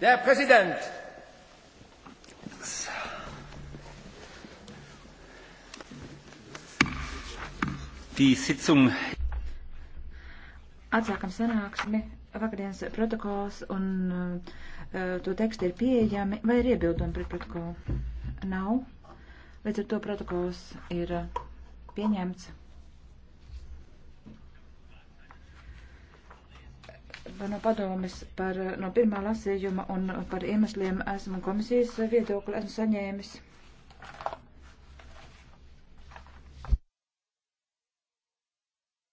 Der Präsident! So. Die Sitzung. Atsākam sanāksmi. Vakardienas protokols un uh, to teksti ir pieejami. Vai ir iebildumi pret protokolu? Nav. Līdz ar to protokols ir eh, pieņemts. no padomes par no pirmā lasījuma un par iemesliem esmu komisijas viedokli esmu saņēmis.